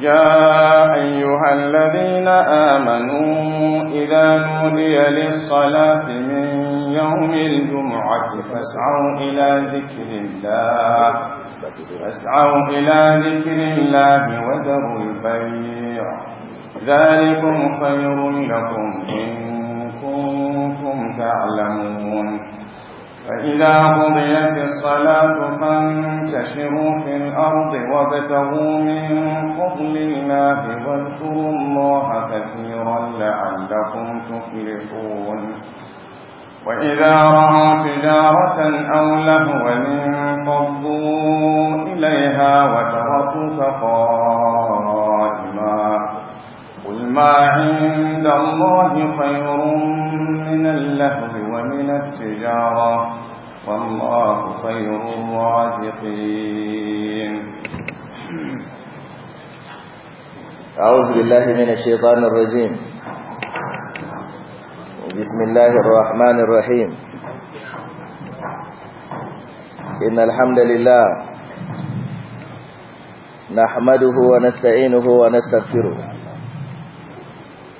يا أيها الذين آمنوا إذا نودي للصلاة من يوم الجمعة فاسعوا إلى ذكر الله فاسعوا إلى ذكر الله وذروا البيع ذلكم خير لكم إن كنتم تعلمون فإذا قضيت الصلاة فانتشروا في الأرض وابتغوا من فضل الله واذكروا الله كثيرا لعلكم تفلحون وإذا رأوا تجارة أو لهوا انفضوا إليها وتركوا فقال ما عند الله خير من اللهو ومن التجارة والله خير الرازقين أعوذ بالله من الشيطان الرجيم بسم الله الرحمن الرحيم إن الحمد لله نحمده ونستعينه ونستغفره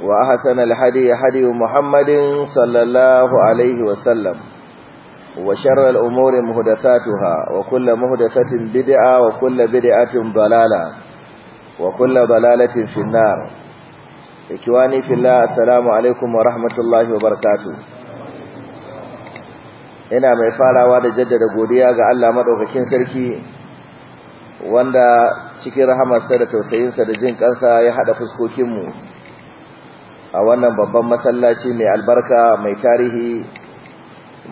وأحسن الحدي حدي محمد صلى الله عليه وسلم وشر الأمور مهدثاتها وكل مهدثة بدعة وكل بدعة ضلالة وكل ضلالة في النار إكواني في الله السلام عليكم ورحمة الله وبركاته ina mai farawa da jaddada godiya ga Allah madaukakin sarki wanda cikin rahamarsa da tausayinsa da jin kansa ya hada fuskokinmu a wannan babban masallaci mai albarka mai tarihi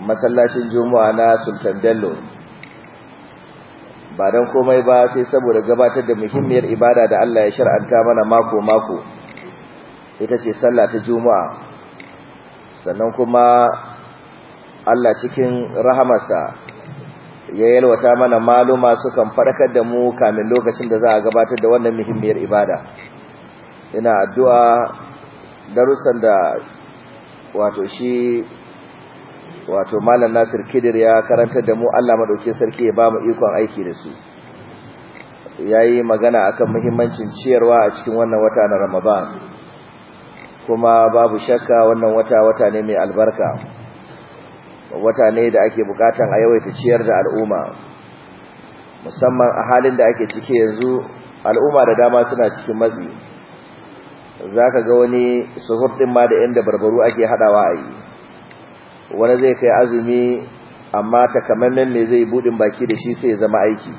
masallacin juma'a na sultan bello ba don komai ba sai saboda gabatar da muhimmiyar ibada da allah ya shar'anta mana mako-mako ita ce sallah ta juma'a sannan kuma allah cikin rahamarsa ya yalwata mana maluma sukan farkar da mu kamin lokacin da za a gabatar da wannan muhimmiyar ibada ina addu'a darussan da wato shi wato malam Nasir Kidir ya karanta da mu Allah madauke sarki ya ba mu ikon aiki da su yayi magana akan muhimmancin ciyarwa a cikin wannan wata na Ramadan kuma babu shakka wannan wata wata ne mai albarka wata ne da ake bukatan a yawaita ciyar da al'umma musamman a halin da ake ciki yanzu al'umma da dama suna cikin matsi za ka ga wani suhur ɗin ma da ‘yan barbaru ake haɗawa a yi wani zai kai azumi amma takamaiman mai zai buɗin baki da shi sai zama aiki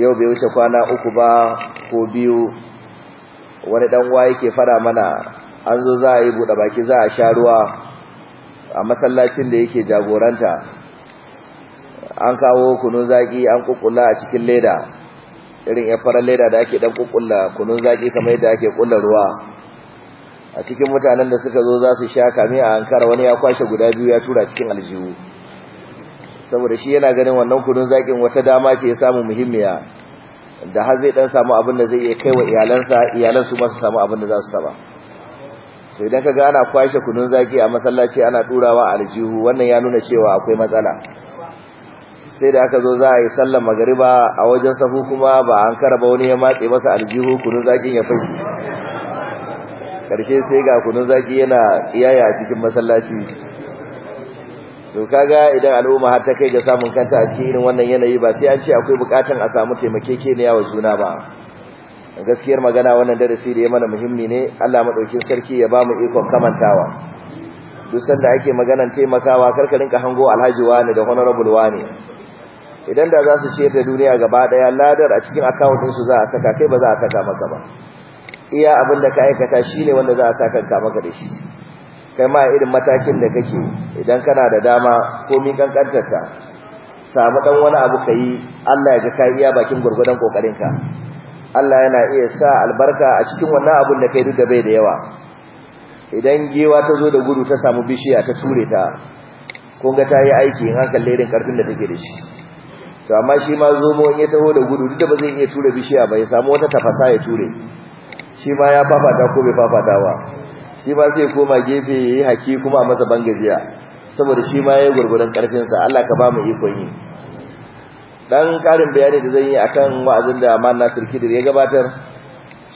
yau bai wuce kwana uku ba ko biyu wani ɗanwa yake fara mana an zo za a yi buɗe baki za a sha ruwa a masallacin da yake jagoranta an kawo kunun zaƙi an ƙuƙula a cikin leda irin ya farar leda da ake dan kukkulla kunun zaki kamar yadda ake kulla ruwa a cikin mutanen da suka zo za su sha kame a ankara wani ya kwashe guda biyu ya tura cikin aljihu saboda shi yana ganin wannan kunun zakin wata dama ce ya samu muhimmiya da har zai dan samu abin da zai kai wa iyalansa iyalan su ma su samu abin da za su saba to idan kaga ana kwashe kunun zaki a masallaci ana turawa aljihu wannan ya nuna cewa akwai matsala sai da aka zo za a yi sallar magariba a wajen safu kuma ba an kara ba wani ya matse masa aljihu kunun zaki ya fashi karshe sai ga kunun zaki yana iyaya a cikin masallaci to kaga idan al'umma har ta kai ga samun kanta a cikin irin wannan yanayi ba sai an ce akwai bukatan a samu taimakekeniya wa juna ba gaskiyar magana wannan darasi da ya mana muhimmi ne Allah maɗaukin sarki ya bamu ikon kamantawa duk sanda ake maganan taimakawa karka rinka hango alhaji wani da honorable wani idan da za su ciyar da duniya gaba daya ladar a cikin akawunin su za a saka kai ba za a saka maka ba iya abin da ka aikata shi ne wanda za a saka ka maka da shi kai ma irin matakin da kake idan kana da dama ko mi kankantarta samu dan wani abu kai Allah ya ga kai iya bakin gurgurdan kokarin ka Allah yana iya sa albarka a cikin wannan abun da kai duk da bai da yawa idan giwa ta zo da gudu ta samu bishiya ta ture ta kun ga ta yi aiki in hankali irin karfin da take da shi to amma shi ma zomo in ya taho da gudu duk da ba zai iya tura bishiya ba ya samu wata tafasa ya ture shi ma ya fafata ko bai fafata ba shi ma zai koma gefe ya yi haki kuma a masa bangajiya saboda shi ma ya yi gurgurin karfinsa Allah ka ba mu ikon yi dan karin bayani da zan yi akan wa'azin da Amman Nasir Kidir ya gabatar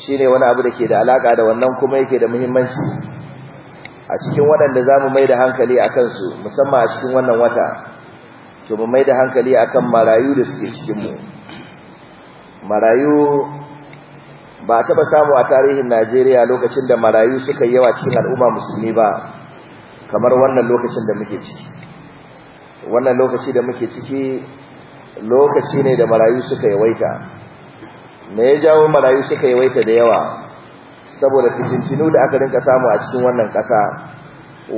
shine wani abu da ke da alaka da wannan kuma yake da muhimmanci a cikin waɗanda zamu mai da hankali a kansu musamman a cikin wannan wata to mu mai da hankali akan marayu da suke cikinmu marayu ba taɓa samu a tarihin najeriya lokacin da marayu suka yawa cikin al'umma musulmi ba kamar wannan lokacin da muke ciki wannan lokaci da muke ciki lokaci ne da marayu suka yawaita me ya jawo marayu suka yawaita da yawa saboda fitintinu da aka rinka samu a cikin wannan ƙasa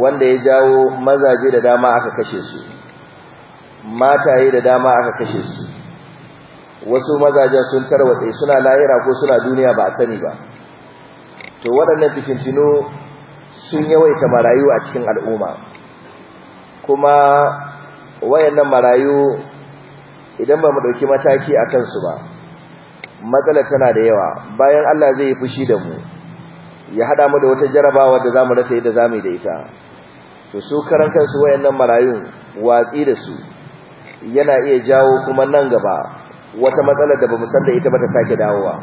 wanda ya jawo mazaje da dama aka kashe su mataye da dama aka kashe su wasu mazajen sun tarwatse suna lahira ko suna duniya ba a sani ba to waɗannan fitintino sun yawaita marayu a cikin al'umma kuma wayannan marayu idan ba mu ɗauki mataki a kansu ba matsala tana da yawa bayan Allah zai yi fushi da mu ya haɗa mu da wata jarabawa da za mu rasa yadda za mu yi da ita to su karan kansu wayannan marayun watsi da su yana iya jawo kuma nan gaba wata matsalar da ba san da ita ba ta sake dawowa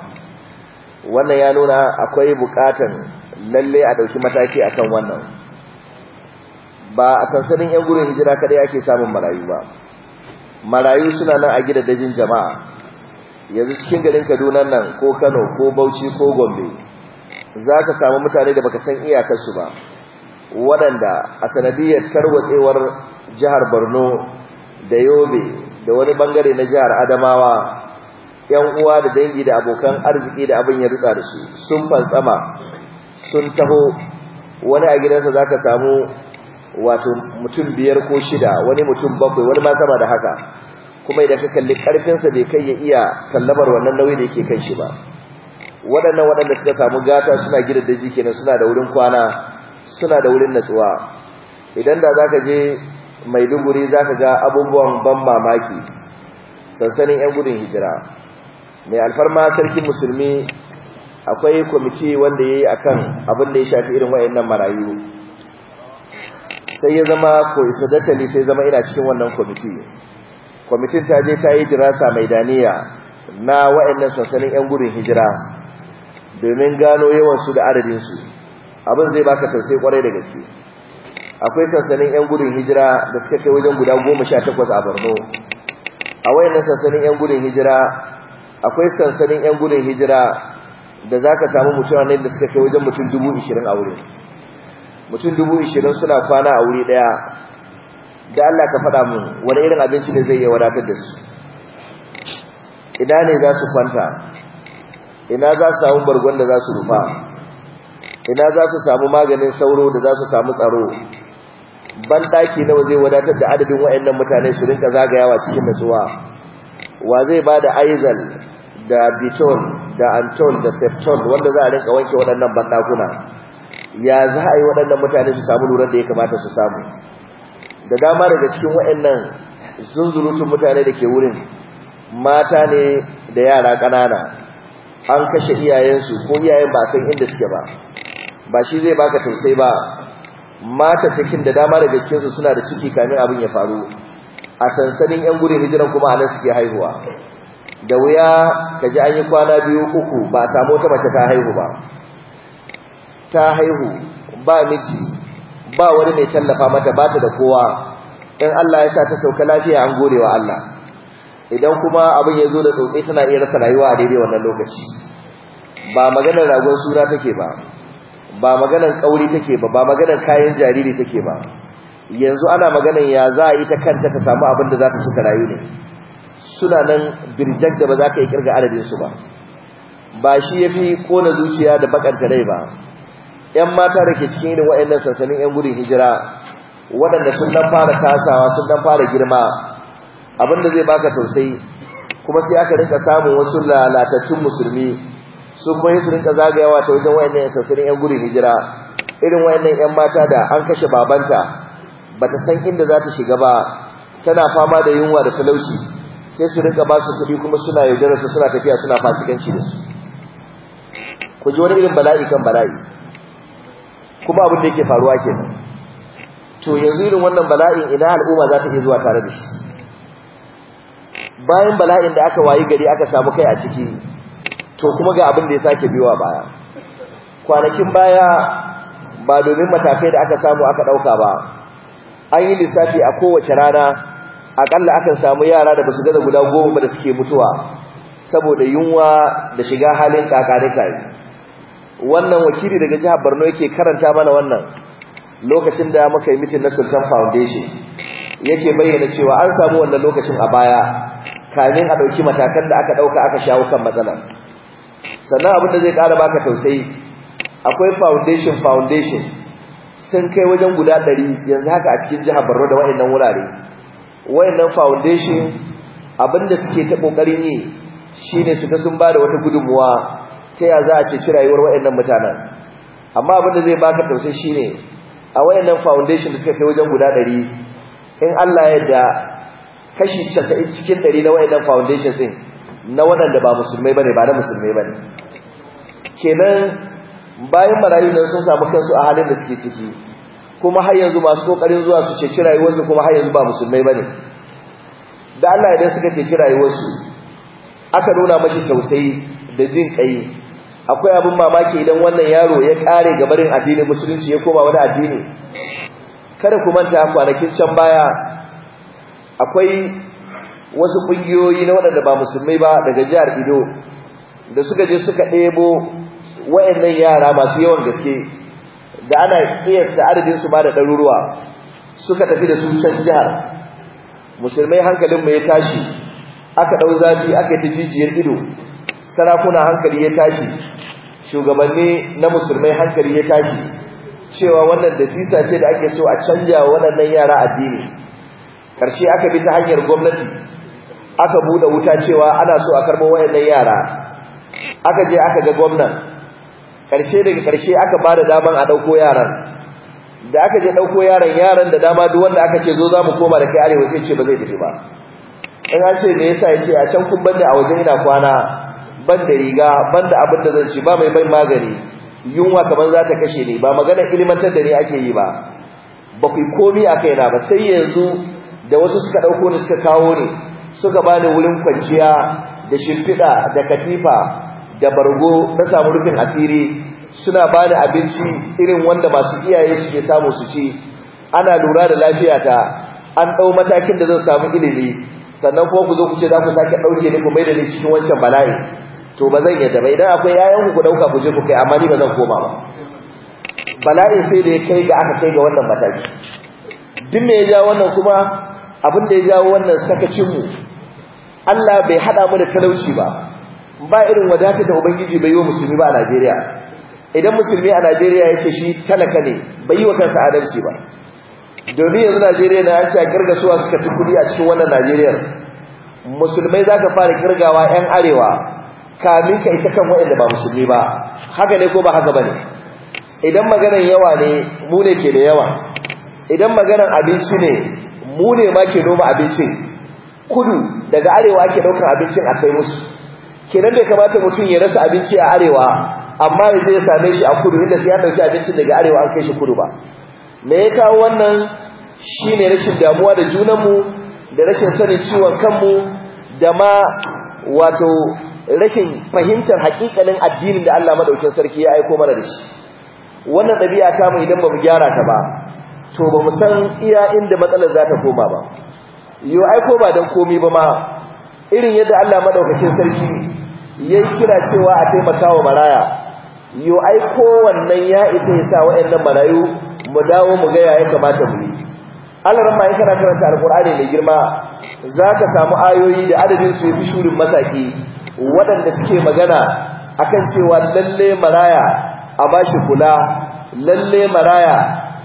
wannan ya nuna akwai bukatan lalle a dauki mataki akan wannan ba a sansanin yan gurin hijira kadai ake samun marayu ba marayu suna nan a gidajen jama'a yanzu cikin garin Kaduna nan ko Kano ko Bauchi ko Gombe Za ka samu mutane da baka san iyakarsu ba waɗanda a sanadiyar tarwatsewar jihar Borno da yobe da wani bangare na jihar adamawa yan uwa da dangi da abokan arziki da abin ya rutsa da su sun fantsama sun taho wani a gidansa za ka samu wato mutum biyar ko shida wani mutum bakwai wani ma sama da haka kuma idan ka kalli karfinsa bai kai ya iya tallabar wannan nauyi da yake kan shi ba waɗannan waɗanda suka samu gata suna gidan daji kenan suna da wurin kwana suna da wurin natsuwa idan da za ka je maiduguri za ka ga abubuwan ban mamaki sansanin 'yan gudun hijira mai alfarma sarki musulmi akwai kwamiti wanda ya yi a kan abin da ya shafi irin wayannan marayu sai ya zama ko isa isadatali sai zama ina cikin wannan kwamiti kwamitin ta je ta yi dirasa mai daniya na wayannan sansanin 'yan gudun hijira domin gano yawansu da adadinsu abin zai baka tausai kwarai da gaske akwai sansanin 'yan gudun hijira da suka kai wajen guda goma sha takwas a borno a wayannan sansanin 'yan gudun hijira akwai sansanin 'yan gudun hijira da za ka samu mutum ne da suka kai wajen mutum dubu ishirin a wuri. mutum dubu ishirin suna kwana a wuri ɗaya da allah ka faɗa mu wani irin abinci ne zai iya wadatar da su ina ne za su kwanta ina za su samu bargon da za su rufa ina za su samu maganin sauro da za su samu tsaro ban daki nawa zai wadatar da adadin wayannan mutane su rinka zagayawa cikin nutsuwa wa zai ba da aizal da biton da anton da septon wanda za a rinka wanke waɗannan bandakuna ya za a yi waɗannan mutane su samu lura da ya kamata su samu da dama daga cikin wayannan zunzurutun mutane da ke wurin mata ne da yara ƙanana an kashe iyayensu ko iyayen ba san inda suke ba ba shi zai baka tausayi ba mata cikin da dama daga cikin su suna da ciki kamin abin ya faru a sansanin yan gudun hijiran kuma a nan suke haihuwa da wuya kaji an yi kwana biyu uku ba a samu wata mace ta haihu ba ta haihu ba miji ba wani mai tallafa mata ba ta da kowa in Allah ya sa ta sauka lafiya an gode wa Allah idan kuma abin ya zo da tsotsi suna iya rasa rayuwa a daidai wannan lokaci ba maganar ragon sura take ba ba maganar kauri take ba ba maganar kayan jariri take ba yanzu ana maganar ya za a yi ta kanta ta samu abin da za ta suka rayu ne suna nan birjak da ba za ka yi kirga adadin su ba ba shi ya fi kona zuciya da bakanta rai ba yan mata da ke cikin irin wa'annan sansanin yan gudun hijira waɗanda sun dan fara tasawa sun dan fara girma abin da zai baka tausayi kuma sai aka rinka samun wasu lalatattun musulmi su kuma su rinka zagayawa ta wajen wayan nan sassanin yan gudun hijira irin wayan nan yan mata da an kashe babanta ba ta san inda za ta shiga ba tana fama da yunwa da talauci sai su rinka ba su kuɗi kuma suna yaudarar su suna tafiya suna fasikanci da su ku ji wani irin bala'i kan bala'i kuma abin da yake faruwa kenan to yanzu irin wannan bala'in ina al'umma za ta iya zuwa tare da shi bayan bala'in da aka wayi gari aka samu kai a ciki to kuma ga abin da ya sake biwa baya kwanakin baya ba domin matakai da aka samu aka ɗauka ba an yi lissafi a kowace rana akalla akan samu yara da basu gaza guda goma da suke mutuwa saboda yunwa da shiga halin kakarikai wannan wakili daga jihar barno yake karanta mana wannan lokacin da muka yi mitin na Sultan Foundation yake bayyana cewa an samu wannan lokacin a baya kamin a ɗauki matakan da aka ɗauka aka shawo kan matsalar sannan abin da zai kara baka tausayi akwai foundation foundation sun kai wajen guda ɗari yanzu haka a cikin jihar Borno da waɗannan wurare waɗannan foundation abin da suke ta ƙoƙarin yi shine su ga sun ba da wata gudunmuwa ta ya za a ceci rayuwar waɗannan mutanen amma abin da zai baka tausayi shine a waɗannan foundation da suka kai wajen guda ɗari in Allah ya yarda kashi 90 cikin ɗari na waɗannan foundation din na waɗanda ba musulmai bane ba na musulmai bane kenan bayan marayu nan sun samu kansu a halin da suke ciki kuma har yanzu masu kokarin zuwa su ceci rayuwarsu kuma har yanzu ba musulmai bane da Allah idan suka ceci rayuwarsu aka nuna mashi tausayi da jin kai akwai abin mamaki idan wannan yaro ya ƙare gabarin addini musulunci ya koma wani addini kada ku manta kwanakin can baya akwai wasu kungiyoyi na waɗanda ba musulmai ba daga jihar Ido da suka je suka ɗebo wayannan yara masu yawan gaske da ana kiyasta arzikin su ba da ɗaruruwa suka tafi da su can jihar musulmai hankalin mai tashi aka ɗau zafi aka ta jijiyar ido sarakuna hankali ya tashi shugabanni na musulmai hankali ya tashi cewa wannan sisa ce da ake so a canja waɗannan yara addini ƙarshe aka bi ta hanyar gwamnati aka buɗe wuta cewa ana so a karbo wayannan yara aka je aka ga gwamnan karshe daga karshe aka ba da daman a dauko yaran da aka je dauko yaran yaran da dama duk wanda aka ce zo za mu koma da kai arewa sai ce ba zai tafi ba in an ce me yasa yace a can kun banda a wajen ina kwana banda riga banda abin da zan ci ba mai bai magani yunwa kamar za ta kashe ni ba magana ilimantar da ni ake yi ba ba ku komi a kaina ba sai yanzu da wasu suka dauko ni suka kawo ni suka bani wurin kwanciya da shimfiɗa da katifa da bargo na samu rufin asiri suna bani abinci irin wanda masu iyaye suke samu su ci ana lura da lafiyata an ɗau matakin da zan samu ilimi sannan kuma ku zo ku ce za ku sake ɗauke ni ku mai da ni cikin wancan bala'i to ba zan yadda ba idan akwai yayanku ku ɗauka ku je ku kai amma ni ba zan koma ba bala'in sai da ya kai ga aka kai ga wannan mataki duk me ya ja wannan kuma abin da ya jawo wannan sakacinmu Allah bai hada mu da talauci ba ba irin wadata da ubangiji bai yi wa musulmi ba a Najeriya idan musulmi a Najeriya ya ce shi talaka ne bai yi wa kansa adalci ba domin yanzu Najeriya na an ce a suwa suka fi kudi a cikin wannan Najeriya musulmai za ka fara kirgawa 'yan arewa kamin ka isa kan waɗanda ba musulmi ba haka ne ko ba haka ba idan maganan yawa ne mu ne ke da yawa idan maganan abinci ne mu ne ma ke noma abincin kudu daga arewa ake daukar abincin a kai musu kenan bai kamata mutum ya rasa abinci a arewa amma ya zai same shi a kudu inda sai ya dauki abincin daga arewa an kai shi kudu ba me ya kawo wannan shi ne rashin damuwa da junanmu da rashin sanin ciwon kanmu da ma wato rashin fahimtar hakikalin addinin da Allah madaukakin sarki ya aiko mana da shi wannan dabi'a ta mu idan bamu gyara ta ba to bamu san iya inda matsalar za ta koma ba yo aiko ba don komi ba ma irin yadda Allah maɗaukacin sarki yayi kira cewa a taimakawa maraya yo aiko wannan ya isa ya sa wa'yan nan marayu mu dawo mu gaya ya kamata mu yi Allah ran bayan kana karanta alqur'ani mai girma zaka samu ayoyi da adadin su fi shurin masaki waɗanda suke magana akan cewa lalle maraya a ba shi kula lalle maraya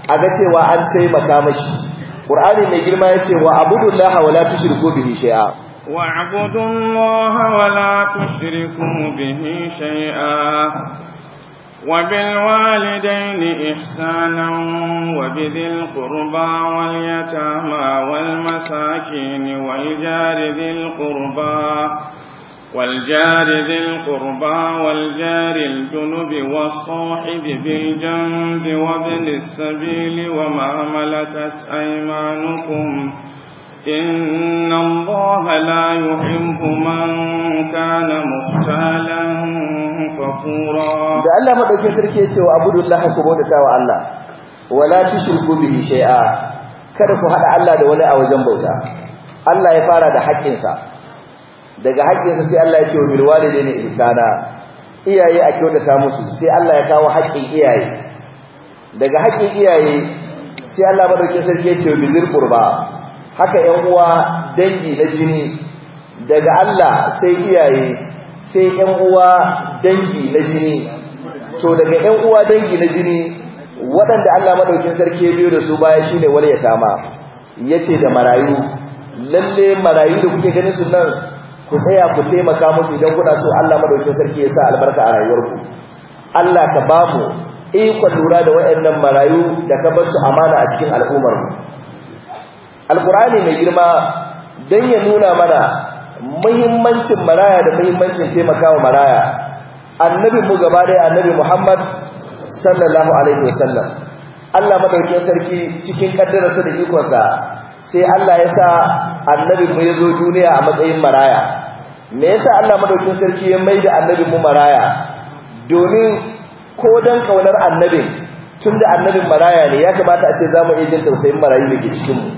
a ga cewa an taimaka mashi ƙur'ani mai girma ce wa abudullaha wala tushriku bihi shay'a wa abudullaha wala tushriku bihi shay'a وبالوالدين إحسانا وبذي القربى واليتامى والمساكين والجار ذي القربى والجار ذي القربى والجار الجنب والصاحب بالجنب وابن السبيل وما ملكت أيمانكم إن الله لا يحب من كان مختالا فخورا da Allah madaukin sarki yace wa abudullah ku bauta wa Allah wala tushriku bihi shay'a kada ku haɗa Allah da wani a wajen bauta Allah ya fara da haƙƙinsa daga haƙƙinsa sai Allah ya ce wa ne walidaini isana iyaye a kyautata musu sai Allah ya kawo haƙƙin iyaye daga haƙƙin iyaye sai Allah madaukakin sarki ya ce wa bilir qurba haka 'yan uwa dangi na jini daga Allah sai iyaye sai 'yan uwa dangi na jini to daga ƴan uwa dangi na jini waɗanda Allah madaukakin sarki ya biyo da su baya shine sama. Ya yace da marayu lalle marayu da kuke ganin su nan ku tsaya ku taimaka musu idan kuna so Allah madaukin sarki ya sa albarka a rayuwarku Allah ka ba mu ikon lura da waɗannan marayu da ka bar su amana a cikin al'ummar mu Al-Qur'ani mai girma dan ya nuna mana muhimmancin maraya da muhimmancin taimakawa maraya annabi mu gaba da annabi Muhammad sallallahu alaihi wasallam Allah madaukin sarki cikin kaddararsa da ikonsa sai Allah ya sa annabi mu ya zo duniya a matsayin maraya me yasa Allah madaukin sarki ya mai da annabin mu maraya domin ko dan kaunar annabin da annabin maraya ne ya kamata a ce zamu iya jin tausayin marayu da ke cikin mu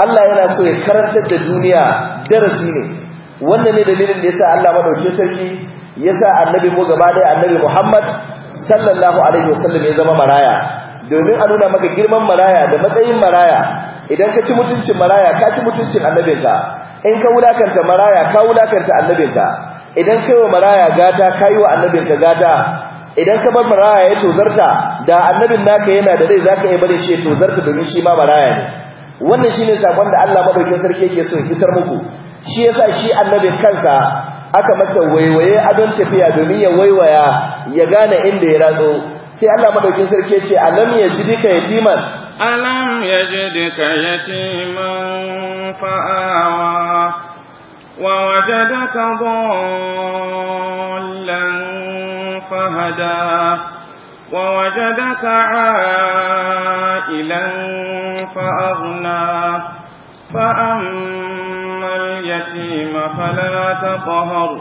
Allah yana so ya karantar da duniya darasi ne wannan ne dalilin da yasa Allah madaukin sarki yasa annabi mu gaba da annabi Muhammad sallallahu alaihi wasallam ya zama maraya domin a nuna maka girman maraya da matsayin maraya idan ka ci mutuncin maraya ka ci mutuncin annabinka in ka wulakanta maraya ka wulakanta annabinka idan kai wa maraya gata ka yi wa annabinka gata idan ka bar maraya ya tozarta da annabin naka yana da rai zaka iya bari shi ya tozarta domin shi ma maraya ne wannan shine sakon da Allah madaukakin sarki yake so isar muku shi yasa shi annabin kansa aka masa waiwaye adon tafiya domin ya waiwaya ya gane inda ya ratso sai Allah madaukakin sarki ce alam yajidika yatiman ألم يجدك يتيما فآوى ووجدك ضلا فهدى ووجدك عائلا فأغنى فأما اليتيم فلا تقهر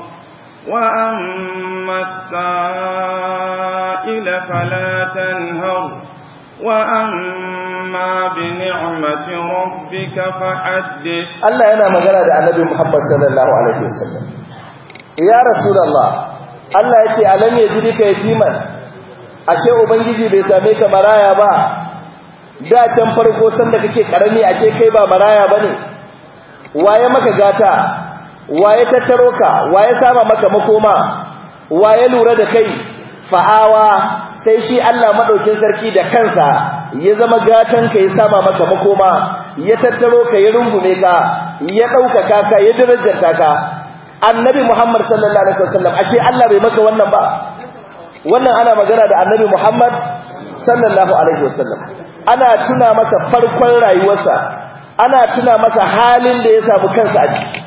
وأما السائل فلا تنهر Allah yana magana da annabi Muhammad sallallahu alaihi wasallam Ya Rasulullah Allah ya ce alam ya ji duka yatiman ashe ubangiji bai same ka maraya ba da can farko san da kake karami ashe kai ba maraya bane waye maka gata waye tattaro ka waye sama maka makoma waye lura da kai fa'awa sai shi Allah madaukin sarki da kansa ya zama gatan ka ya saba maka makoma ya tattaro ka ya rungume ka ya dauka ka ya darajarta ka annabi Muhammad sallallahu alaihi wasallam ashe Allah bai maka wannan ba wannan ana magana da annabi Muhammad sallallahu alaihi wasallam ana tuna masa farkon rayuwarsa ana tuna masa halin da ya samu kansa a ciki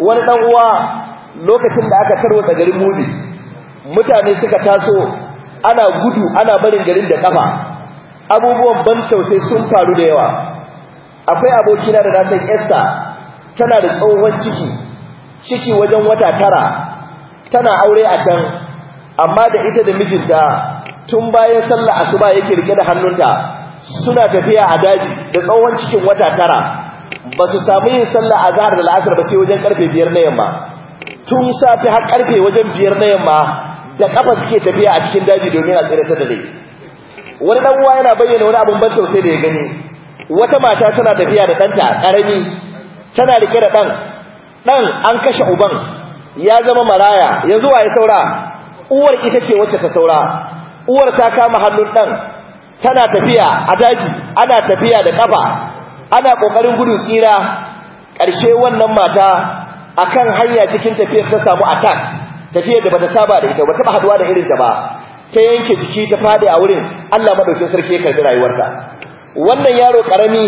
wani dan uwa lokacin da aka tarwata garin mudi. mutane suka taso ana gudu ana barin garin da kafa abubuwan ban tausai sun faru da yawa akwai abokina da na san Esther tana da tsohon ciki ciki wajen wata tara tana aure a can amma da ita da mijinta tun bayan sallah asuba yake rike da hannunta suna tafiya a daji da tsohon cikin wata tara ba su samu yin sallah azhar da la'asar ba sai wajen karfe biyar na yamma tun safi har karfe wajen biyar na yamma da kafa suke tafiya a cikin daji domin a tsirata da laifi wani dan uwa yana bayyana wani abin ban tausayi da ya gani wata mata tana tafiya da ɗanta ƙarami tana rike da ɗan ɗan an kashe uban ya zama maraya ya zuwa ya saura uwar ita ce wacce ta saura uwar ta kama hannun ɗan tana tafiya a daji ana tafiya da ƙafa ana ƙoƙarin gudu tsira ƙarshe wannan mata akan hanya cikin tafiyar ta samu attack tafiyar da bata saba da ita ba taba haduwa da irin ta ba ta yanke jiki ta fadi a wurin Allah madaukin sarki ya karbi rayuwarta wannan yaro karami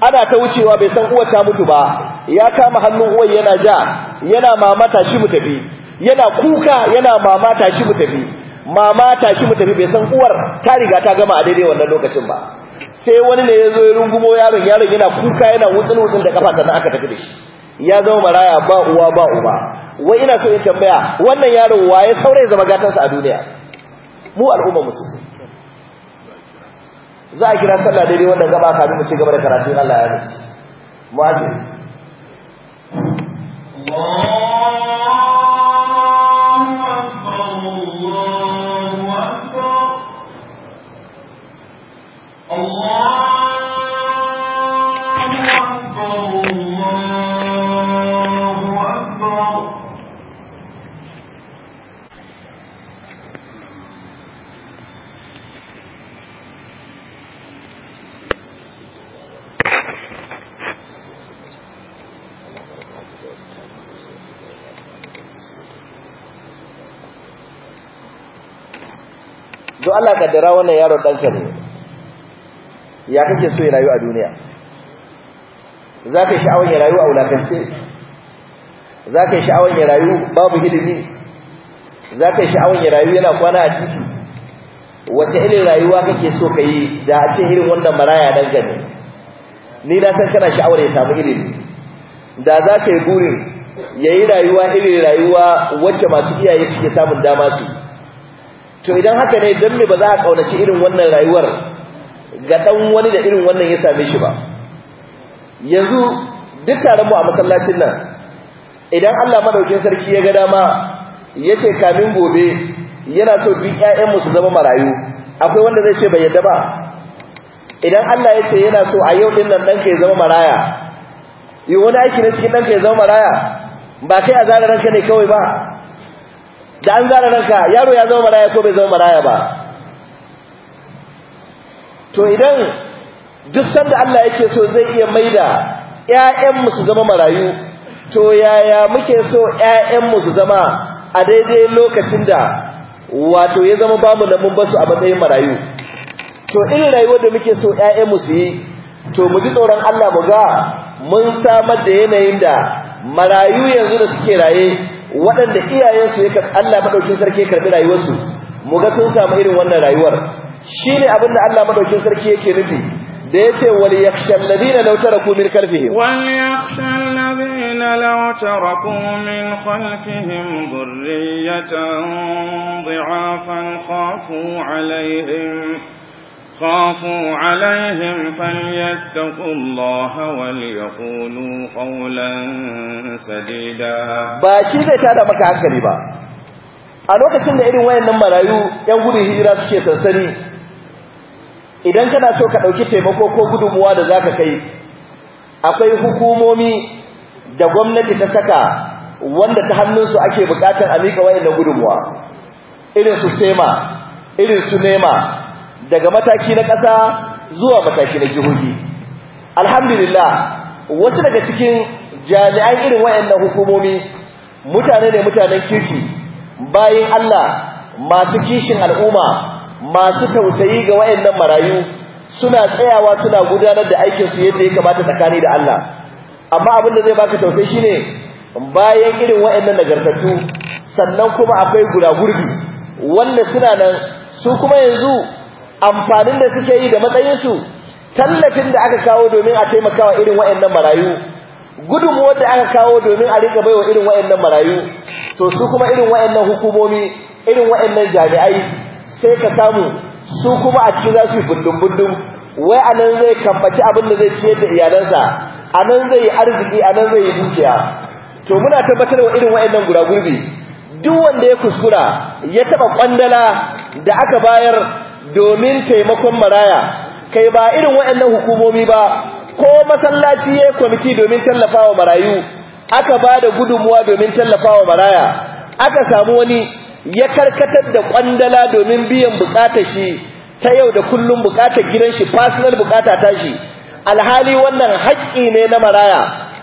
ana ta wucewa bai san uwar ta mutu ba ya kama hannun uwar yana ja yana ta shi mu tafi yana kuka yana ta shi mu tafi ta shi mu tafi bai san uwar ta riga ta gama a daidai wannan lokacin ba sai wani ne ya zo ya rungumo yaron yaron yana kuka yana wutsin wutsun da kafa sannan aka tafi da shi ya zama maraya ba uwa ba uba wai ina so in tambaya wannan yaro waye saurayi zama gatansa a duniya mu al'umma musulmi za a kira sallah daidai wannan gaba kafin mu ci gaba da karatu Allah ya mu aje Allah to Allah kaddara wannan yaron danka ne ya kake so ya rayu a duniya zaka sha'awar ya rayu a wulakance zaka sha'awar ya rayu babu ilimi zaka sha'awar ya rayu yana kwana a titi wace irin rayuwa kake so ka yi da a ce irin wannan maraya danka ne ni na san kana sha'awar ya samu ilimi da za ka yi burin ya yi rayuwa irin rayuwa wacce masu iyaye suke samun dama su to idan haka ne don me ba za a kaunaci irin wannan rayuwar ga dan wani da irin wannan ya same shi ba yanzu duk taron mu a masallacin nan idan Allah madaukin sarki ya ga dama ya ce kamin gobe yana so duk ƴaƴan mu su zama marayu akwai wanda zai ce bai yadda ba idan Allah ya ce yana so a yau din nan danka ya zama maraya yi wani aiki na cikin danka ya zama maraya ba kai a zara ranka ne kawai ba da an zara ranka yaro ya zama maraya ko bai zama maraya ba to idan duk sanda Allah yake so zai iya maida ƴaƴanmu su zama marayu to yaya muke so ƴaƴanmu su zama a daidai lokacin da wato ya zama bamu da mun basu a matsayin marayu to irin rayuwar da muke so ƴaƴanmu su yi to mu ji tsoron Allah mu ga mun samar da yanayin da marayu yanzu da suke raye waɗanda iyayensu ya Allah maɗaukin sarki ya karɓi rayuwarsu mu ga sun samu irin wannan rayuwar Shi shine abinda Allah maɗaukin sarki yake nufi da yace wal yakhshal ladina law taraku min khalfihim wal yakhshal ladina law taraku min khalfihim dhurriyatan dha'afan khafu alaihim خافوا عليهم فليتقوا الله وليقولوا قولا سديدا ba shi zai tada maka hankali ba a lokacin da irin wayannan marayu yan gudun hijira suke sansani idan kana so ka dauki taimako ko gudunmuwa da zaka kai akwai hukumomi da gwamnati ta saka wanda ta hannun su ake bukatar a mika wayannan gudunmuwa irin su sema irin su nema daga mataki na ƙasa zuwa mataki na jihohi alhamdulillah wasu daga cikin jami'an irin wayannan hukumomi mutane ne mutanen kirki bayan Allah masu kishin al'umma masu tausayi ga wayannan marayu suna tsayawa suna gudanar da aikin su yadda ya kamata tsakani da Allah amma abin da zai baka tausayi shine bayan irin wayannan nagartattu sannan kuma akwai gurbi, wanda suna nan su kuma yanzu amfanin da suke yi da matsayinsu tallafin da aka kawo domin a taimakawa irin wa'annan marayu gudunmuwar da aka kawo domin a rika baiwa irin wa'annan marayu to su kuma irin wa'annan hukumomi irin wa'annan jami'ai sai ka samu su kuma a cikin za su yi bundun wai a zai kamfaci abin da zai ciyar da iyalansa a zai yi arziki anan zai yi dukiya to muna tabbatar wa irin wa'annan guragurbi duk wanda ya kuskura ya taɓa ƙwandala da aka bayar domin taimakon maraya kai ba irin waɗannan hukumomi ba ko masallaci ya kwamiti domin tallafawa marayu aka ba da gudunmuwa domin tallafawa maraya aka samu wani ya karkatar da ƙwandala domin biyan bukatar shi ta yau da kullum bukatar gidan shi personal bukata ta shi alhali wannan haƙƙi ne na maraya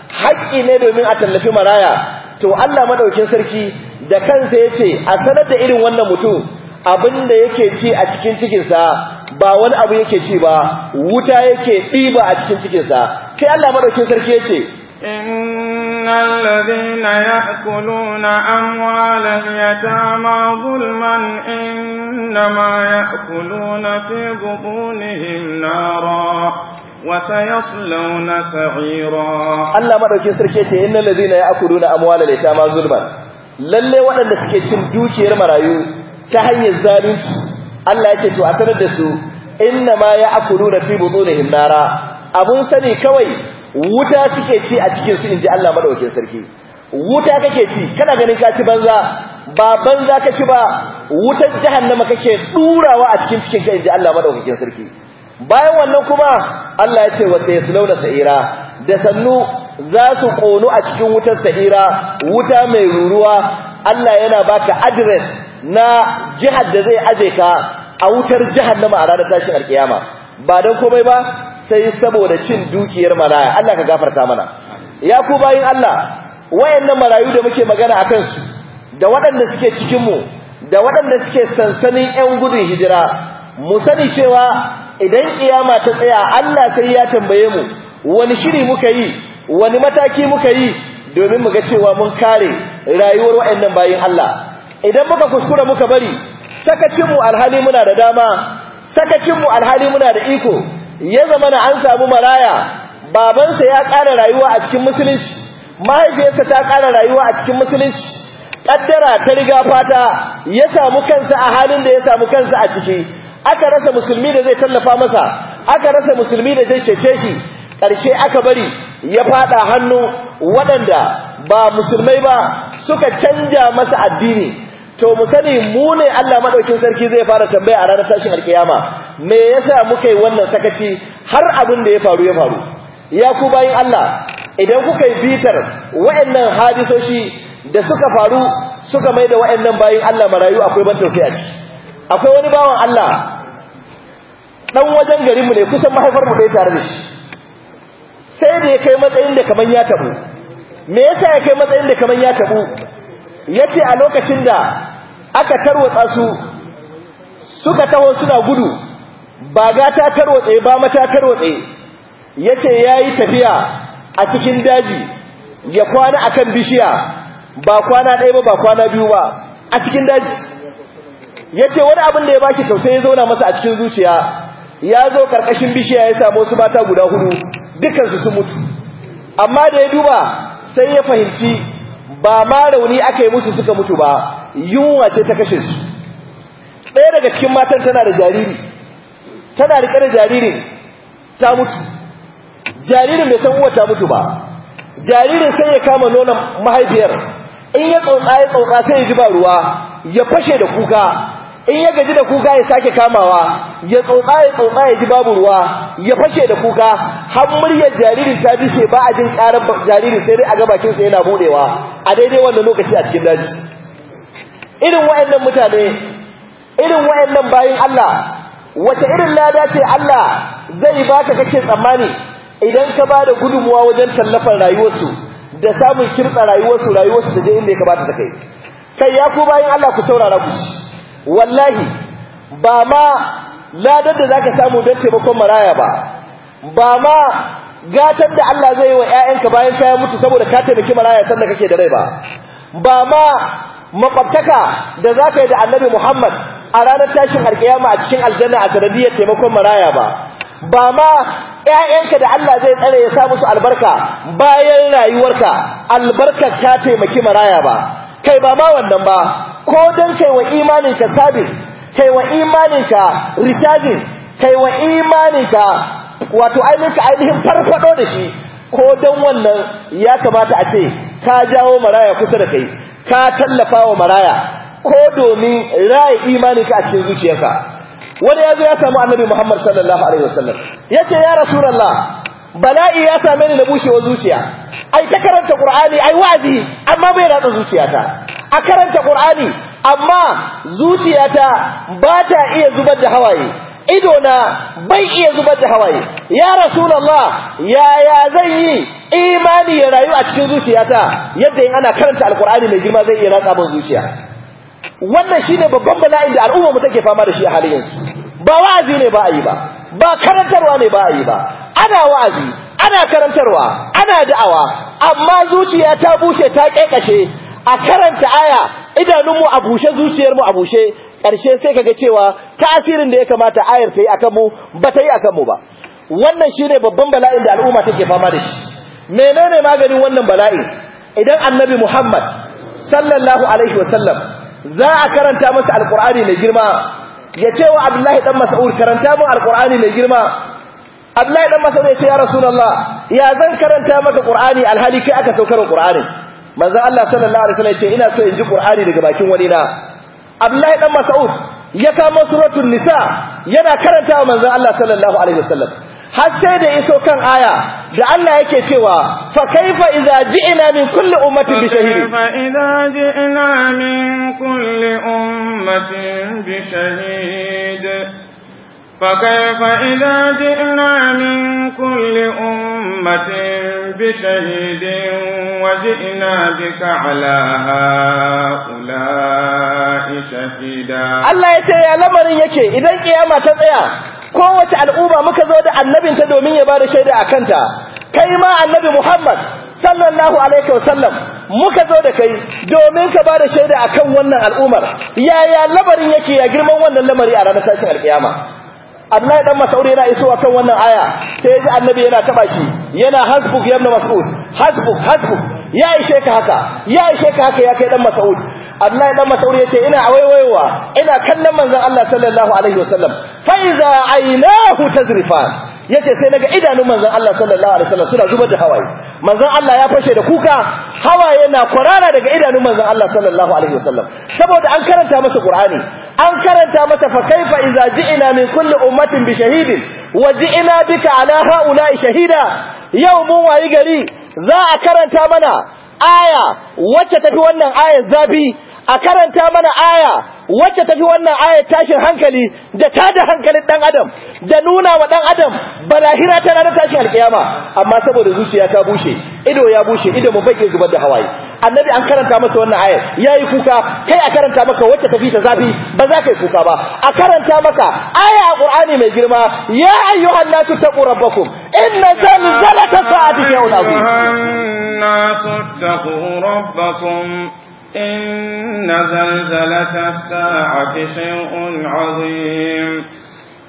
haƙƙi ne domin a tallafi maraya to Allah madaukin sarki da kansa yace a sanar da irin wannan mutum Abin da yake ci a cikin cikinsa ba wani abu yake ci ba wuta yake ɗiba a cikin cikinsa Sai Allah madaukin sarki yace innal ladina ya'kuluna amwalan yatama zulman innama ya'kuluna fi butunihim nara wa sayaslawna sa'ira Allah madaukin sarki yace innal ladina ya'kuluna amwalan yatama zulman lalle waɗanda suke cin dukiyar marayu ta hanyar zalunci Allah ya to a sanar da su inna ma ya da fi na nara abun sani kawai wuta suke ci a cikin su inji Allah madaukakin sarki wuta kake ci kana ganin ka ci banza ba banza ka ci ba wutar jahannama kake durawa a cikin cikin ka inji Allah madaukakin sarki bayan wannan kuma Allah ya ce wa na sa'ira da sannu za su kono a cikin wutar sa'ira wuta mai ruruwa Allah yana baka address na jihar da zai aje ka a wutar jahannama a ranar tashin alkiyama ba don komai ba sai saboda cin dukiyar maraya Allah ka gafarta mana ya ku bayin Allah wayannan marayu da muke magana a kansu da waɗanda suke cikin mu da waɗanda suke sansanin ƴan gudun hijira mu sani cewa idan kiyama ta tsaya Allah sai ya tambaye mu wani shiri muka yi wani mataki muka yi domin muka cewa mun kare rayuwar waɗannan bayan Allah idan muka kuskura muka bari sakacinmu alhali muna da dama sakacinmu alhali muna da iko ya zama na an samu maraya babansa ya kara rayuwa a cikin musulunci mahaifiyarsa ta kara rayuwa a cikin musulunci ƙaddara ta riga fata ya samu kansa a halin da ya samu kansa a ciki aka rasa musulmi da zai tallafa masa aka rasa musulmi da zai cece shi ƙarshe aka bari ya fada hannu waɗanda ba musulmai ba suka canja masa addini to mu sani mu ne Allah madaukin sarki zai fara tambaya a ranar tashin alkiyama me yasa muka yi wannan sakaci har abin da ya faru ya faru ya ku bayin Allah idan kuka yi bitar waɗannan hadisoshi da suka faru suka maida waɗannan bayin Allah marayu akwai ban tausayi a akwai wani bawan Allah dan wajen garinmu ne kusan mahaifar mu ɗaya tare da shi sai da ya kai matsayin da kaman ya tabu me yasa ya kai matsayin da kaman ya tabu yace a lokacin da aka tarwatsa su suka taho suna gudu ba ga ta tarwatse ba ma ta tarwatse yace yayi tafiya a cikin daji ya kwana akan bishiya ba kwana ɗaya ba ba kwana biyu ba a cikin daji yace wani abin da ya bashi tausayi ya zauna masa a cikin zuciya ya zo karkashin bishiya ya samu su mata guda hudu dukansu sun mutu amma da ya duba sai ya fahimci ba ma rauni aka yi musu suka mutu ba yunwa ce ta kashe su ɗaya daga cikin matan tana da jariri tana riƙe da jaririn ta mutu jaririn bai san uwa ta mutu ba jaririn sai ya kama nonon mahaifiyar in ya tsautsa ya tsautsa sai ya ji ba ruwa ya fashe da kuka in ya gaji da kuka ya sake kamawa ya tsotsa ya tsotsa ya ji babu ruwa ya fashe da kuka har muryar jaririn ta dishe ba a jin karar jaririn sai dai a gabakin sa yana budewa a daidai wannan lokaci a cikin daji irin wayannan mutane irin wayannan bayin Allah wace irin lada ce Allah zai baka kake tsammani idan ka bada gudunmuwa wajen tallafar rayuwarsu da samun kirka rayuwarsu rayuwarsu da je inda ya kamata ta kai kai ya ku bayin Allah ku saurara ku ci wallahi ba ma ladar da zaka samu don taimakon maraya ba ba ma gatar da Allah zai yi wa ƴaƴanka bayan ka mutu saboda ka taimaki maraya sanda kake da rai ba ba ma makwabtaka da zaka yi da Annabi Muhammad a ranar tashin alkiyama a cikin aljanna a sanadiyar taimakon maraya ba ba ma ƴaƴanka da Allah zai tsare ya sa musu albarka bayan rayuwarka albarka ka taimaki maraya ba kai ba ma wannan ba ko don kai wa imaninka sabis kai wa imaninka recharging kai wa imaninka wato ainihinka ainihin farfado da shi ko don wannan ya kamata a ce ka jawo maraya kusa da kai ka tallafa wa maraya ko domin raya imaninka a cikin zuciyarka wani ya zo ya samu annabi muhammad sallallahu alaihi wasallam ya ce ya rasulallah bala'i ya same ni na bushewar zuciya ai ta karanta qur'ani ai wazi amma bai ratsa zuciyata a karanta qur'ani amma zuciyata ba ta iya zubar da hawaye ido na bai iya zubar da hawaye ya rasulullah yaya zan yi imani ya rayu a cikin zuciyata yadda in ana karanta alqur'ani mai girma zai iya ratsa ban zuciya wannan shine babban bala'in da al'umma mu take fama da shi a halin yanzu ba wa'azi ne ba ayi yi ba ba karantarwa ne ba ayi yi ba ana wa'azi ana karantarwa ana da'awa amma zuciya ta bushe ta kekace a karanta aya idanunmu a bushe zuciyarmu a bushe ƙarshe sai kaga cewa tasirin da ya kamata ayar ta yi akan mu ba ta yi akan mu ba wannan shine babban bala'in da al'umma take fama da shi menene maganin wannan bala'i idan annabi Muhammad sallallahu alaihi wasallam za a karanta masa alqur'ani mai girma ya ce wa Abdullahi dan Mas'ud karanta mu alqur'ani mai girma Abdullahi dan Mas'ud ya ce ya Rasulullah ya zan karanta maka Qur'ani alhali kai aka saukar Qur'ani manzon Allah sallallahu alaihi wasallam ya ce ina so in ji Qur'ani daga bakin wani na Abdullahi dan Mas'ud ya kama suratul nisa yana karanta manzon Allah sallallahu alaihi wasallam har sai da iso kan aya da Allah yake cewa fa kaifa idza ji'na min kulli ummatin bi fa idza ji'na min kulli ummatin bi فكيف إذا جئنا من كل أمة بشهيد وجئنا بك على هؤلاء شهيدا الله يتيا لمرين يكي إذا القيامة تطيع kowace al'umma muka zo da annabinta domin ya bada shaida a kanta kai ma annabi Muhammad sallallahu alaihi wasallam muka zo da kai domin ka bada shaida akan wannan al'ummar yaya lamarin yake ya girman wannan lamari a ranar tashin alkiyama Abdullahi dan Mas'ud yana isowa kan wannan aya sai ji annabi yana taba shi yana hasbuk ya ibn Mas'ud hasbuk hasbuk ya ishe ka haka ya ishe ka haka ya kai dan Mas'ud Abdullahi dan masauri yace ina awaiwaiwa ina kallon manzon Allah sallallahu alaihi wasallam fa iza aynahu tazrifan yace sai naga idanun manzon Allah sallallahu alaihi wasallam suna zubar da hawaye manzon Allah ya fashe da kuka hawaye na kwarara daga idanun manzon Allah sallallahu alaihi wasallam saboda an karanta masa Qur'ani an karanta masa fa kaifa idza ji'na min kulli ummatin bi shahidin wa ji'na bika ala ha'ula'i shahida yau mun wayi gari za a karanta mana aya wacce tafi wannan ayar zafi a karanta mana aya wacce tafi wannan aya tashin hankali da ta da hankalin dan adam da nuna wa dan adam balahira ta da tashin alkiyama amma saboda zuciya ta bushe ido ya bushe ido mu baki zubar da hawaye annabi an karanta masa wannan aya yayi kuka kai a karanta maka wacce tafi ta zafi ba za ka yi kuka ba a karanta maka aya a qur'ani mai girma ya ayyuhan nasu taqu rabbakum inna zalzalata sa'ati yawm إن زلزلة الساعة شيء عظيم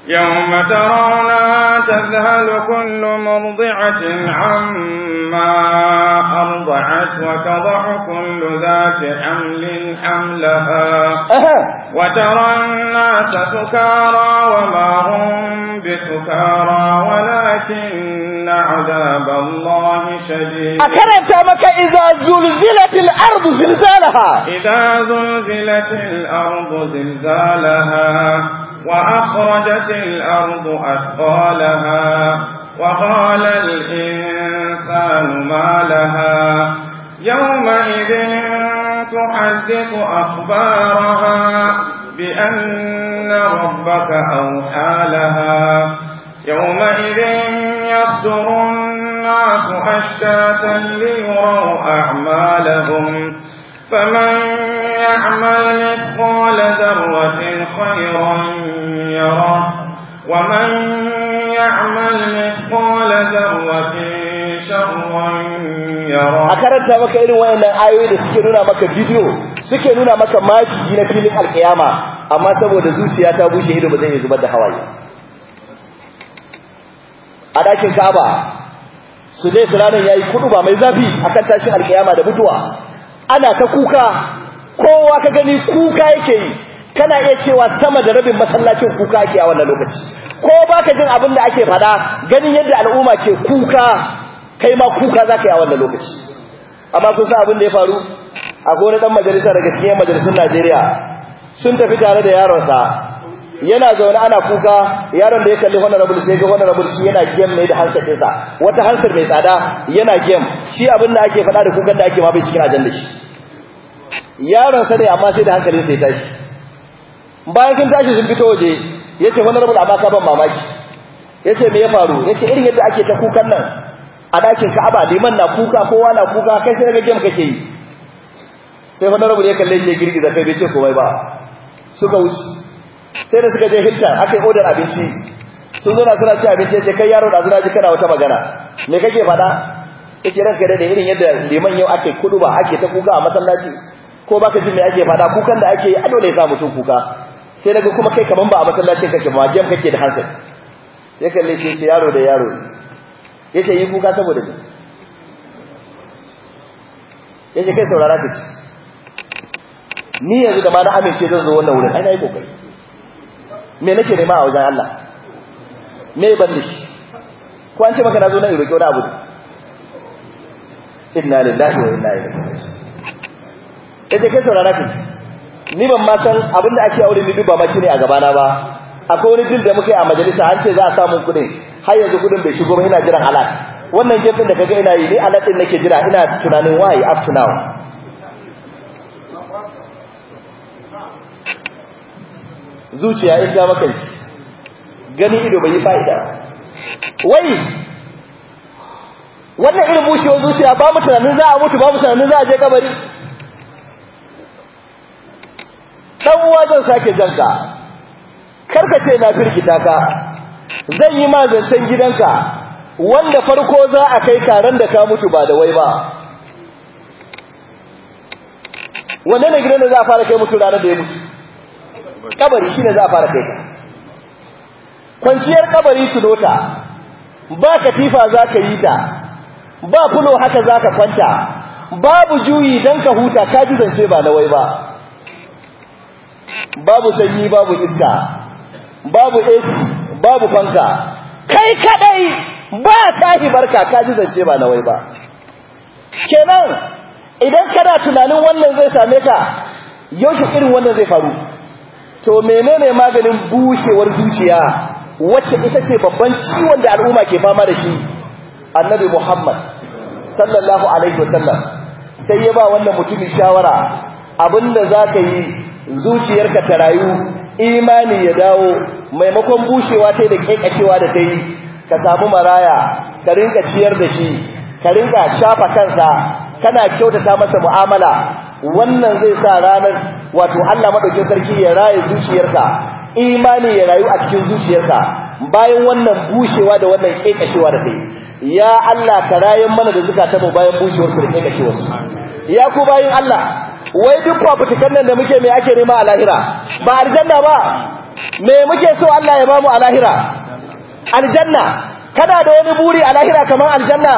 يوم ترانا تذهل كل مرضعة عما أرضعت وتضع كل ذات حمل حملها وترى الناس سكارى وما هم بسكارى ولكن عذاب الله شديد أكرمت أمك إذا زلزلت الأرض زلزالها إذا زلزلت الأرض زلزالها وأخرجت الأرض أثقالها وقال الإنسان ما لها يومئذ تحدث أخبارها بأن ربك أوحى لها يومئذ يصدر الناس أشتاتا ليروا أعمالهم فمن يعمل مثقال ذرة خيرا ومن يعمل مثقال ذرة شرا a karanta maka irin wayannan ayoyi da suke nuna maka bidiyo suke nuna maka mafi gina filin alkiyama amma saboda zuciya ta bushe ido ba zai zubar da hawaye a dakin Ka'aba su dai ya yayi kudu ba mai zafi akan tashin alkiyama da mutuwa ana ta kuka kowa ka gani kuka yake yi kana iya cewa sama da rabin masallacin kuka ake a wannan lokaci ko baka jin abin da ake fada ganin yadda al'umma ke kuka kai ma kuka zaka yi a wannan lokaci amma kun san abin da ya faru a gona dan majalisa daga cikin majalisun Najeriya sun tafi tare da yaronsa yana zaune ana kuka yaron da ya kalli honorable sai ga honorable shi yana game ne da hansar sa wata hansar mai tsada yana game shi abin da ake fada da kukan da ake ma bai cikin ajandar shi yaron sa ne amma sai da sa ya tashi bayan sun tashi sun fito waje ya ce wani rabu da ba ban mamaki ya ce me ya faru ya ce irin yadda ake ta kukan nan a ɗakin ka'aba liman na kuka kowa na kuka kai sai daga gem kake yi sai wani rabu ya kalle ya girgiza kai bai ce komai ba suka wuce sai da suka je hita aka yi odar abinci sun zo na suna ci abinci ya ce kai yaro da zuna ji kana wata magana me kake faɗa ya ce ranka da irin yadda liman yau ake kudu ba ake ta kuka a masallaci ko baka jin me ake faɗa kukan da ake yi a dole ya sa mutum kuka sai daga kuma kai kaman ba a masallaci kake ba gem kake da hansa ya kalle shi ce yaro da yaro ce yi kuka saboda ni ce kai saurara ka ci ni yanzu da ma na amince zan zo wannan wurin ai na yi kokari me nake nema a wajen Allah me ban da ko an ce maka na zo na yi roƙi wani abu inna lillahi wa inna ilaihi raji'un ce kai saurara ka ci ni ban ma san abin da ake aure ni duba ma shine a gabana ba akwai wani dil da muka yi a majalisa an ce za a samu kuɗin har yanzu kuɗin bai shigo ba ina jiran alat wannan gefen da kaga ina yi ni alat din nake jira ina tunanin why up to now zuciya in ga maka gani ido bai yi fa'ida wai wannan irin bushewar zuciya ba mu tunanin za a mutu ba mu tunanin za a je kabari dan uwa zan sake janka karka ce na firgita ka zan yi ma zancen gidanka wanda farko za a kai karen da ka mutu ba da wai ba wanne ne gidan da za a fara kai mutu ranar da ya mutu kabari shi ne za a fara kai ka kwanciyar kabari su nota ba katifa za ka yi ta ba kuno haka za ka kwanta babu juyi don ka huta ka ji zance ba na wai ba babu sanyi babu iska babu esi babu fanka kai kadai ba barka ka ji zance ba nawai ba kenan idan kana tunanin wannan zai same ka yaushe irin wannan zai faru to menene maganin bushewar zuciya wacce ita ce babban ciwon da al'umma ke fama da shi annabi Muhammad sallallahu alaihi wasallam sai ya ba wannan mutumin shawara abinda ka yi zuciyarka ta rayu imani ya dawo maimakon bushewa ta da kekashewa da ta yi ka samu maraya ka rinka ciyar da shi ka rinka shafa kansa kana kyautata masa mu'amala wannan zai sa ranar wato Allah madaukakin sarki ya raye zuciyarka imani ya rayu a cikin zuciyarka bayan wannan bushewa da wannan kekashewa da yi. ya Allah ka rayan mana da zakata mu bayan bushewar da kekashewar su ya ku bayin Allah wai duk fafutukan nan da muke mai ake nema a lahira ba aljanna ba me muke so Allah ya bamu a lahira aljanna kana da wani buri a lahira kamar aljanna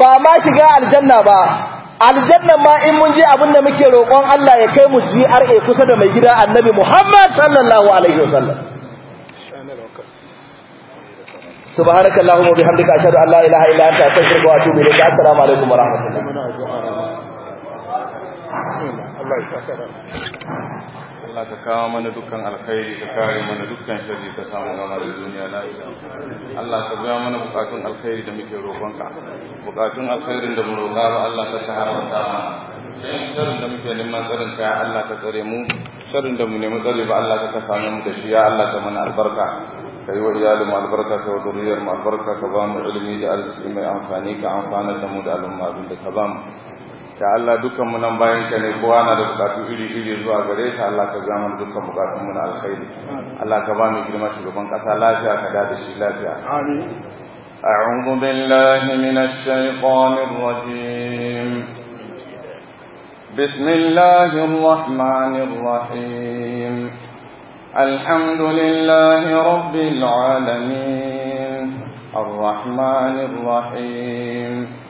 ba ma shiga aljanna ba aljanna ma in mun je abin da muke roƙon Allah ya kai mu GRA kusa da mai gida Annabi Muhammad sallallahu alaihi wasallam سبحانك اللهم وبحمدك اشهد ان لا اله الا انت استغفرك واتوب اليك السلام عليكم ورحمه الله Allah ka kawo mana dukkan alkhairi ka kare mana dukkan shari ka samu gama da duniya lafiya Allah ka biya mana bukatun alkhairi da muke ka, bukatun alkhairin da mu roƙa ba Allah ka ta haramta mana sai sharin da muke neman tsarin ka Allah ka tsare mu sharin da mu nemi tsare ba Allah ka ka same mu da shi ya Allah ka mana albarka ka yi wa iyalin mu albarka ka wa mu albarka ka ba mu ilimi da arziki mai amfani ka amfanar da mu da al'umma abin da ka ba mu Allah Allah Allah mu mu mu nan bayan ka ka ka ne kowa na na da bukatu iri iri zuwa gare alkhairi ba girma shugaban kasa lafiya ka da shi lafiya amin گانا دکھ مناسب اللہ کا بسم الله الرحمن الرحيم الحمد لله رب العالمين الرحمن الرحيم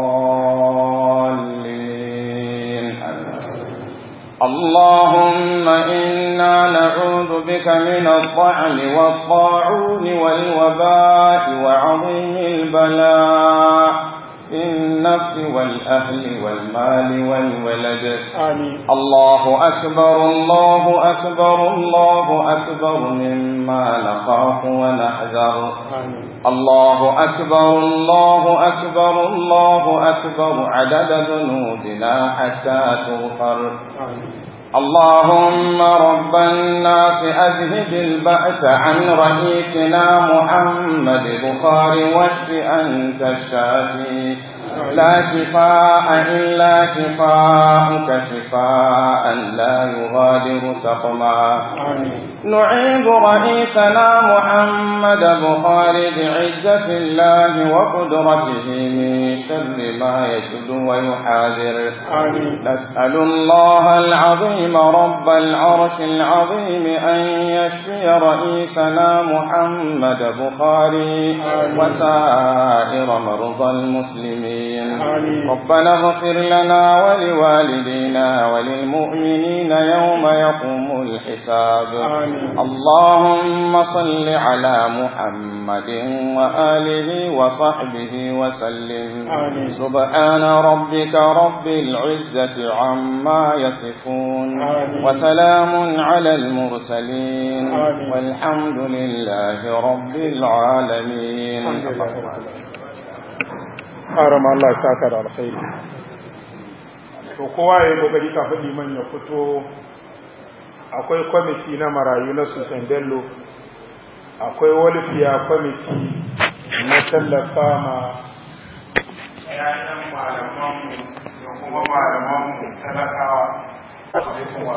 اللهم إنا نعوذ بك من الطعن والطاعون والوباء وعظيم البلاء بالنفس والأهل والمال والولد آمين الله أكبر الله أكبر الله أكبر مما نخاف ونحذر الله أكبر الله أكبر الله أكبر عدد ذنوبنا حتى تغفر آمين اللهم رب الناس أذهب البأس عن رئيسنا محمد بخاري واشف أنت الشافي لا شفاء إلا شفاءك شفاء لا يغادر سقما نعيد رئيسنا محمد بخاري بعزة الله وقدرته من شر ما يشد ويحاذر نسأل الله العظيم رب العرش العظيم أن يشفي رئيسنا محمد بخاري وسائر مرضى المسلمين ربنا اغفر لنا ولوالدينا وللمؤمنين يوم يقوم الحساب اللهم صل على محمد وآله وصحبه وسلم سبحان ربك رب العزة عما يصفون وسلام على المرسلين والحمد لله رب العالمين haram الله ya saka da alkhairi to kowa ya gogari akwai kwamiti na marayu na susan bello akwai walifiya kwamiti na tallafa ma yayan malamanmu da kuma malamanmu talakawa